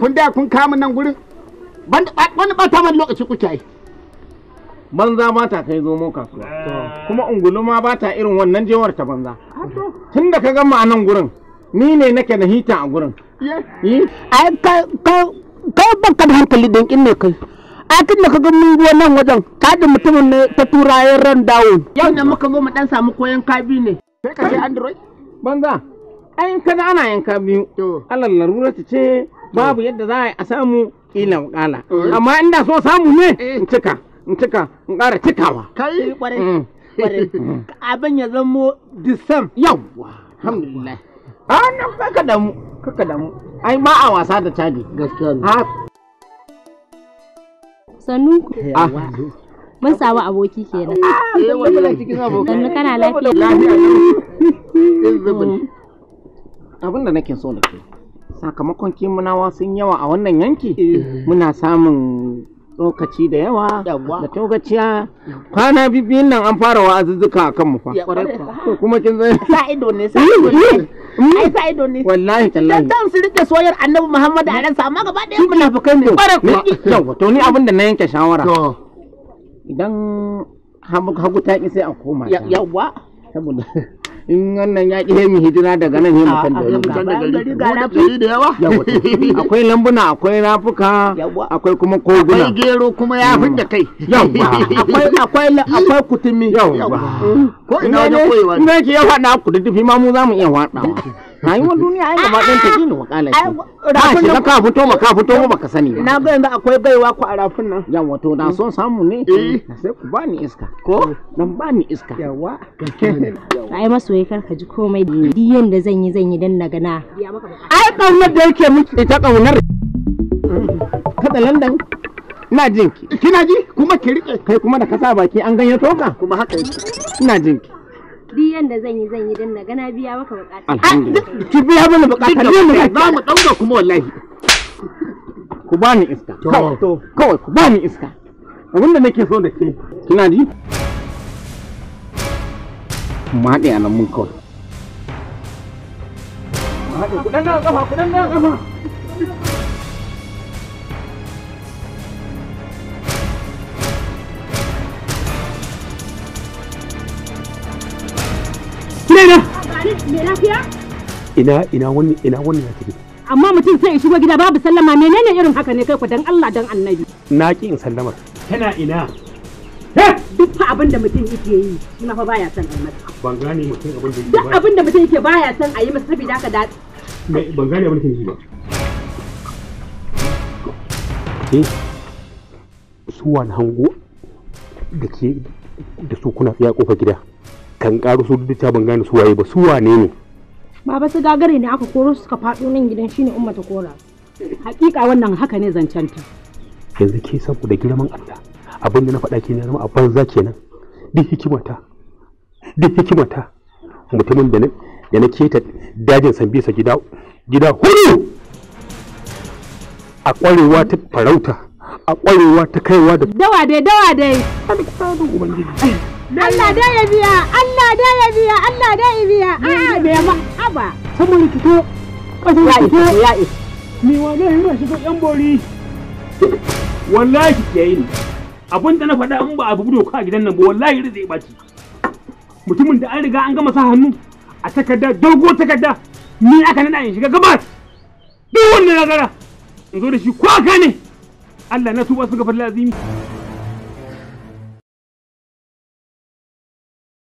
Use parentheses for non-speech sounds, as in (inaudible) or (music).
kun da kun kama nan gurin wani bata man lokaci kuke yi banza ba ta kai zomo kasuwa kuma unguluma ba ta irin wannan jewar ta banza tun da ka gama a nan gurin ni ne nake na hita a gurin ai kai ka da hankali don in ne kai a tun da ka ga mun ruwa nan wajen ta da mutumin ne ta tura ran dawo yau ne muka zo mu dan samu koyon kabi ne sai ka je android banza ayin kana ana yanka biyu alal larura ce babu yadda za a samu ila kala eh. amma inda so samu ne eh. in cika in cika in ƙara cikawa kai kware eh, mm. (laughs) mm. abin ya zamo disam yau. alhamdulillah a nan kaka damu kaka damu ai ba a wasa da caji gaskiya ne sannu ku ah. mun samu aboki kenan ah, sannu kana lafiya lafiya mm. abin da nake so da ke sakamakon kimunawa sun yawa a wannan yanki eh. muna samun lokaci da yawa da togaciya kwana bibiyun nan an fara wa'azuzzuka a kanmu fa kuma kin zai sa ido ne sa ido ne mm, mm. ai sa ido ne wallahi tallahi dan su rike soyar annabi Muhammad a ransa amma gaba da yamma munafikan ne yawa to ni abin da na yanke shawara idan hagu ta ki sai a koma yawa saboda in wannan ya ƙi mu hijira daga nan ne mutan da gari ga da yawa (laughs) akwai lambuna akwai rafuka akwai kuma koguna akwai gero kuma ya hmm. fi da kai akwai akwai akwai kutumi ko ina da ina ke yake ya faɗa ma mu za mu iya faɗawa wa duniya ai gaba ɗayan take ne ta ce ba shi na ka fito ma ka fito ma baka sani ba na ga yanzu akwai baiwa ku a rafin nan Yan wato da hmm. son samu ne eh. sai ku ni iska ko dan ni iska yawa ai masoyi kar ka ji komai duk yanda zan yi zan yi dan na gana ai kaunar da yake miki ita kaunar kada landan ina jinki. kina ji kuma ki rike kai kuma da kasa baki an ganye toka kuma haka yake ina jinki. ki da yanda zan yi zan yi dan na gana biya maka bukata ah, alhamdulillah ki biya mana bukata ne mu za mu dauka kuma wallahi ku bani iska to kawai ku bani iska abinda nake so da ke kina ji mu haɗe mun kawai nan Ina ina wani ina wani ya tafi. Amma mutum sai ya shigo gida babu sallama menene irin haka ne kai ku dan Allah dan Annabi. Na ki in sallama. Tana ina. Eh? duk fa abin da mutum yake yi shi ma fa baya son a masa ban gane mutum abin da yake duk abin da mutum yake baya son a yi masa saboda haka da ban gane abin da yake ba eh su wani hango da ke da su kuna tsaya kofar gida kan karo su duk ban gane su waye ba su wane ne baba su gagare ne aka koro su suka faɗo nan gidan shine umma ta kora hakika wannan haka ne zancen yanzu ke saboda girman Allah abin da na faɗa ke zama a banza kenan duk hikimata duk hikimata mutumin da na keta dajin sambisa gida gida hudu a ƙwarewa ta farauta a ƙwarewa ta kaiwa da dawa dai dawa dai Allah dai ya biya Allah dai ya biya Allah dai ya biya a bai ma aba saboda fito ƙasar fito ya isa ni wa dai ina shiga yan bori wallahi ke yi ne abun da na faɗa in ba a bubu doka a gidan nan ba wallahi da zai ɓaci mutumin da an riga an gama sa hannu a takarda dogo takarda ni aka nada in shiga gabas duk wannan na in zo da shi kwaka ne Allah na tuba su gafar lazimi.